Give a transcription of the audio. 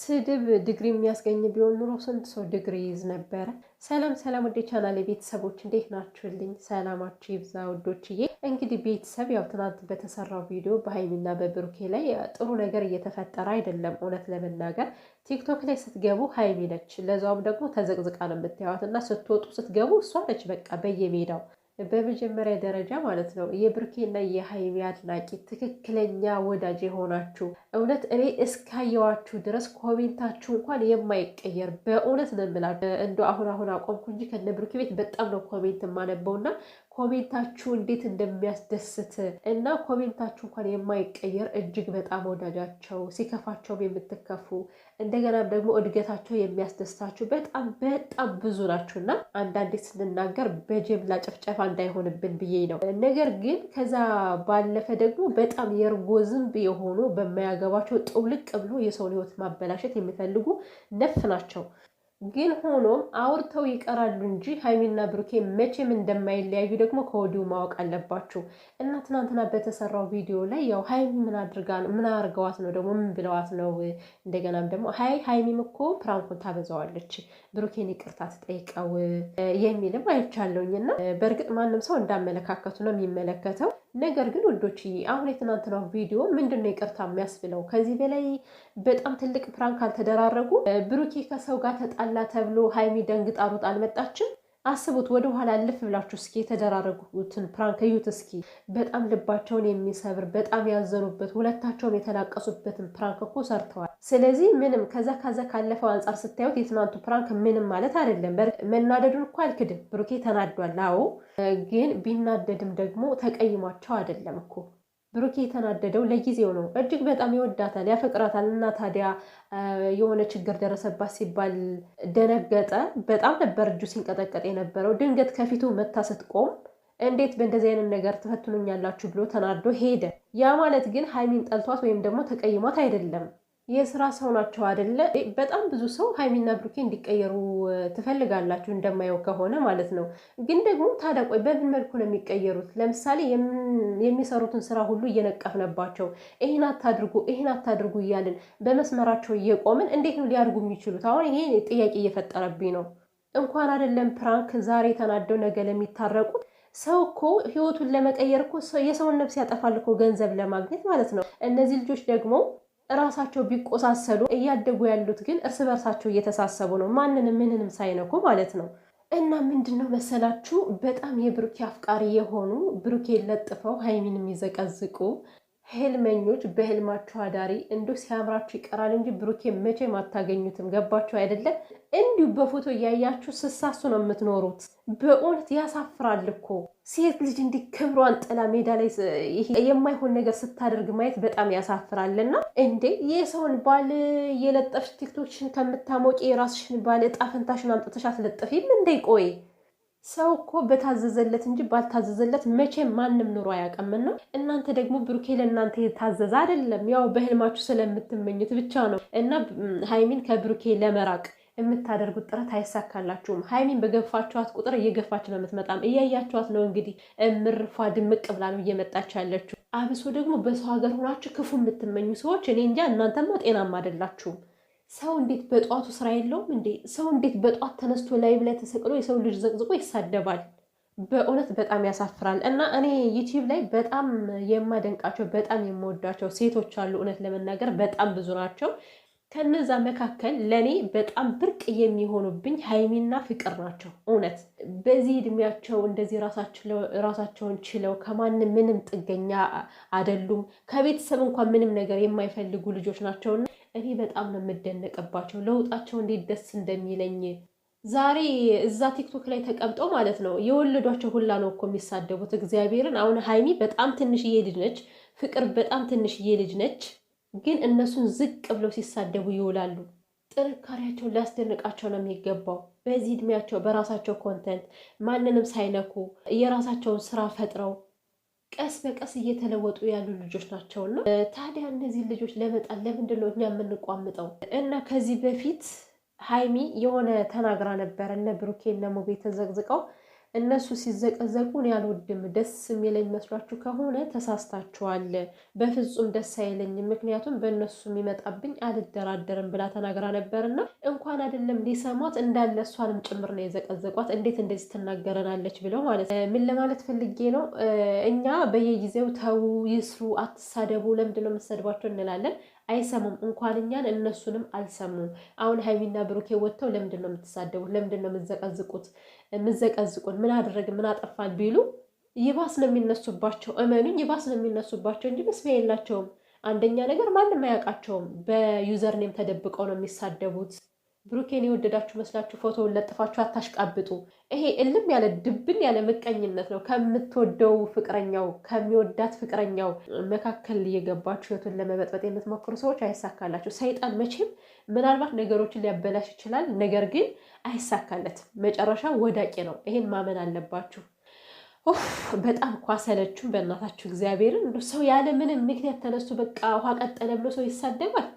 ስድብ ዲግሪ የሚያስገኝ ቢሆን ኑሮ ስንት ሰው ዲግሪ ይዝ ነበረ። ሰላም ሰላም፣ ወደ ቻናል ቤተሰቦች እንዴት ናችሁልኝ? ሰላማችሁ ይብዛ ውዶችዬ። እንግዲህ ቤተሰብ ያው ትናንት በተሰራው ቪዲዮ በሀይሚና በብሩኬ ላይ ጥሩ ነገር እየተፈጠረ አይደለም። እውነት ለመናገር ቲክቶክ ላይ ስትገቡ ሀይሚ ነች፣ ለዛውም ደግሞ ተዘቅዝቃ ነው የምታዩት እና ስትወጡ ስትገቡ እሷ ነች። በቃ በየሜዳው በመጀመሪያ ደረጃ ማለት ነው የብሩኬና የሀይሚ አድናቂ ትክክለኛ ወዳጅ የሆናችሁ እውነት እኔ እስካየዋችሁ ድረስ ኮሜንታችሁ እንኳን የማይቀየር በእውነት ነው የምላችሁ። እንደ አሁን አሁን አቆምኩ እንጂ ከነ ብሩኬ ቤት በጣም ነው ኮሜንት የማነበውና ኮሜንታችሁ እንዴት እንደሚያስደስት እና ኮሜንታችሁ እንኳን የማይቀየር እጅግ በጣም ወዳጃቸው ሲከፋቸውም የምትከፉ እንደገናም ደግሞ እድገታቸው የሚያስደስታችሁ በጣም በጣም ብዙ ናችሁ እና አንዳንዴ ስንናገር በጅምላ ጭፍጨፋ እንዳይሆንብን ብዬ ነው። ነገር ግን ከዛ ባለፈ ደግሞ በጣም የእርጎ ዝንብ የሆኑ በማያገባቸው ጥውልቅ ብሎ የሰውን ሕይወት ማበላሸት የሚፈልጉ ነፍ ናቸው። ግን ሆኖም አውርተው ይቀራሉ እንጂ ሀይሚና ብሩኬ መቼም እንደማይለያዩ ደግሞ ከወዲሁ ማወቅ አለባችሁ። እና ትናንትና በተሰራው ቪዲዮ ላይ ያው ሀይሚ ምን አድርጋ ነው ምን አርገዋት ነው ደግሞ ምን ብለዋት ነው? እንደገናም ደግሞ ሀይ ሀይሚም እኮ ፕራንኩን ታበዛዋለች፣ ብሩኬን ይቅርታ ትጠይቀው የሚልም አይቻለውኝ። እና በእርግጥ ማንም ሰው እንዳመለካከቱ ነው የሚመለከተው። ነገር ግን ወዶችዬ አሁን የትናንትናው ቪዲዮ ምንድን ነው ይቅርታ የሚያስብለው? ከዚህ በላይ በጣም ትልቅ ፕራንክ አልተደራረጉ። ብሩኬ ከሰው ጋር ተጣላ ተብሎ ሀይሚ ደንግጣ ሩጥ አልመጣችም። አስቡት ወደ ኋላ ልፍ ብላችሁ እስኪ የተደራረጉትን ፕራንክ እዩት እስኪ። በጣም ልባቸውን የሚሰብር በጣም ያዘኑበት ሁለታቸውም የተላቀሱበትን ፕራንክ እኮ ሰርተዋል። ስለዚህ ምንም ከዛ ከዛ ካለፈው አንጻር ስታዩት የትናንቱ ፕራንክ ምንም ማለት አይደለም። መናደዱን እኮ አልክድም፣ ብሩኬ ተናዷል። አዎ ግን ቢናደድም ደግሞ ተቀይሟቸው አይደለም እኮ ብሩኬ የተናደደው ለጊዜው ነው። እጅግ በጣም ይወዳታል፣ ያፈቅራታል። እና ታዲያ የሆነ ችግር ደረሰባት ሲባል ደነገጠ። በጣም ነበር እጁ ሲንቀጠቀጥ የነበረው። ድንገት ከፊቱ መታ ስትቆም እንዴት በእንደዚህ አይነት ነገር ትፈትኑኛላችሁ ብሎ ተናዶ ሄደ። ያ ማለት ግን ሀይሚን ጠልቷት ወይም ደግሞ ተቀይሟት አይደለም የስራ ሰው ናቸው አይደለ? በጣም ብዙ ሰው ሀይሚና ብሩኬ እንዲቀየሩ ትፈልጋላችሁ እንደማየው ከሆነ ማለት ነው። ግን ደግሞ ታዲያ ቆይ በምን መልኩ ነው የሚቀየሩት? ለምሳሌ የሚሰሩትን ስራ ሁሉ እየነቀፍነባቸው ይህን አታድርጉ፣ ይህን አታድርጉ እያልን በመስመራቸው እየቆምን እንዴት ነው ሊያድጉ የሚችሉት? አሁን ይሄ ጥያቄ እየፈጠረብኝ ነው። እንኳን አይደለም ፕራንክ ዛሬ ተናደው ነገ ለሚታረቁት ሰው እኮ ህይወቱን ለመቀየር እኮ የሰውን ነፍስ ያጠፋል እኮ ገንዘብ ለማግኘት ማለት ነው። እነዚህ ልጆች ደግሞ እራሳቸው ቢቆሳሰሉ እያደጉ ያሉት ግን እርስ በርሳቸው እየተሳሰቡ ነው፣ ማንንም ምንንም ሳይነኩ ማለት ነው። እና ምንድን ነው መሰላችሁ በጣም የብሩኬ አፍቃሪ የሆኑ ብሩኬ ለጥፈው ሀይሚን የሚዘቀዝቁ ህልመኞች በህልማችሁ አዳሪ እንዶ ሲያምራችሁ ይቀራል እንጂ ብሩኬ መቼም አታገኙትም። ገባችሁ አይደለም? እንዲሁ በፎቶ እያያችሁ ስሳሱ ነው የምትኖሩት። በእውነት ያሳፍራል እኮ ሴት ልጅ እንዲህ ክብሯን ጥላ ሜዳ ላይ የማይሆን ነገር ስታደርግ ማየት በጣም ያሳፍራልና፣ እንዴ የሰውን ባል የለጠፍሽ ቲክቶክሽን ከምታሞቂ የራስሽን ባል እጣ ፈንታሽን አምጥተሽ አትለጥፊም እንዴ? ቆይ ሰው እኮ በታዘዘለት እንጂ ባልታዘዘለት መቼም ማንም ኑሮ ነው እናንተ ደግሞ ብሩኬ ለእናንተ የታዘዘ አይደለም፣ ያው በህልማችሁ ስለምትመኙት ብቻ ነው። እና ሀይሚን ከብሩኬ ለመራቅ የምታደርጉት ጥረት አይሳካላችሁም። ሀይሚን በገፋችኋት ቁጥር እየገፋች ነው የምትመጣም። እያያችኋት ነው እንግዲህ ምርፏ ድምቅ ብላ ነው እየመጣች ያለችው። አብሶ ደግሞ በሰው ሀገር ሆናችሁ ክፉ የምትመኙ ሰዎች እኔ እንጃ እናንተማ ጤናማ አይደላችሁም። ሰው እንዴት በጠዋቱ ስራ የለውም እንዴ? ሰው እንዴት በጠዋት ተነስቶ ላይቭ ላይ ተሰቅሎ የሰው ልጅ ዘቅዝቆ ይሳደባል? በእውነት በጣም ያሳፍራል። እና እኔ ዩቲዩብ ላይ በጣም የማደንቃቸው በጣም የምወዳቸው ሴቶች አሉ። እውነት ለመናገር በጣም ብዙ ናቸው። ከነዛ መካከል ለእኔ በጣም ብርቅ የሚሆኑብኝ ሀይሚና ፍቅር ናቸው። እውነት በዚህ እድሜያቸው እንደዚህ ራሳቸውን ችለው ከማንም ምንም ጥገኛ አይደሉም። ከቤተሰብ እንኳን ምንም ነገር የማይፈልጉ ልጆች ናቸውና እኔ በጣም ነው የምደነቅባቸው ለውጣቸው እንዴት ደስ እንደሚለኝ። ዛሬ እዛ ቲክቶክ ላይ ተቀምጠው ማለት ነው የወለዷቸው ሁላ ነው እኮ የሚሳደቡት እግዚአብሔርን። አሁን ሀይሚ በጣም ትንሽዬ ልጅ ነች፣ ፍቅር በጣም ትንሽዬ ልጅ ነች። ግን እነሱን ዝቅ ብለው ሲሳደቡ ይውላሉ። ጥንካሬያቸውን ሊያስደንቃቸው ነው የሚገባው። በዚህ እድሜያቸው በራሳቸው ኮንተንት ማንንም ሳይነኩ የራሳቸውን ስራ ፈጥረው ቀስ በቀስ እየተለወጡ ያሉ ልጆች ናቸውና ታዲያ እነዚህ ልጆች ለመጣል ለምንድን ነው እኛ የምንቋምጠው? እና ከዚህ በፊት ሀይሚ የሆነ ተናግራ ነበረ እነ ብሩኬ እነ ሙቤ ተዘቅዝቀው እነሱ ሲዘቀዘቁ እኔ አልወድም። ደስ የሚለኝ መስሏችሁ ከሆነ ተሳስታችኋል። በፍጹም ደስ አይለኝም፣ ምክንያቱም በእነሱ የሚመጣብኝ አልደራደርም ብላ ተናግራ ነበርና እንኳን አይደለም ሊሰሟት እንዳለ እሷንም ጭምር ነው የዘቀዘቋት። እንዴት እንደዚህ ትናገረናለች ብለው ማለት ነው። ምን ለማለት ፈልጌ ነው? እኛ በየጊዜው ተዉ፣ ይስሩ፣ አትሳደቡ፣ ለምንድን ነው የምትሰድቧቸው እንላለን። አይሰሙም። እንኳን እኛን እነሱንም አልሰሙም። አሁን ሀይሚና ብሩኬ ወጥተው ለምንድን ነው የምትሳደቡት? ለምንድን ነው የምዘቀዝቁት? የምዘቀዝቁን ምን አደረግን ምን አጠፋን ቢሉ ይባስ ነው የሚነሱባቸው። እመኑኝ፣ ይባስ ነው የሚነሱባቸው እንጂ መስፊያ የላቸውም። አንደኛ ነገር ማንም አያውቃቸውም። በዩዘርኔም ተደብቀው ነው የሚሳደቡት። ብሩኬን የወደዳችሁ መስላችሁ ፎቶውን ለጥፋችሁ አታሽቃብጡ። ይሄ እልም ያለ ድብን ያለ ምቀኝነት ነው። ከምትወደው ፍቅረኛው ከሚወዳት ፍቅረኛው መካከል የገባችሁ ህይወቱን ለመበጥበጥ የምትሞክሩ ሰዎች አይሳካላችሁ። ሰይጣን መቼም ምናልባት ነገሮችን ሊያበላሽ ይችላል፣ ነገር ግን አይሳካለት። መጨረሻ ወዳቂ ነው። ይሄን ማመን አለባችሁ። በጣም እኮ በእናታችሁ እግዚአብሔርን። ሰው ያለ ምንም ምክንያት ተነሱ በቃ ውሃ ቀጠለ ብሎ ሰው ይሳደባል።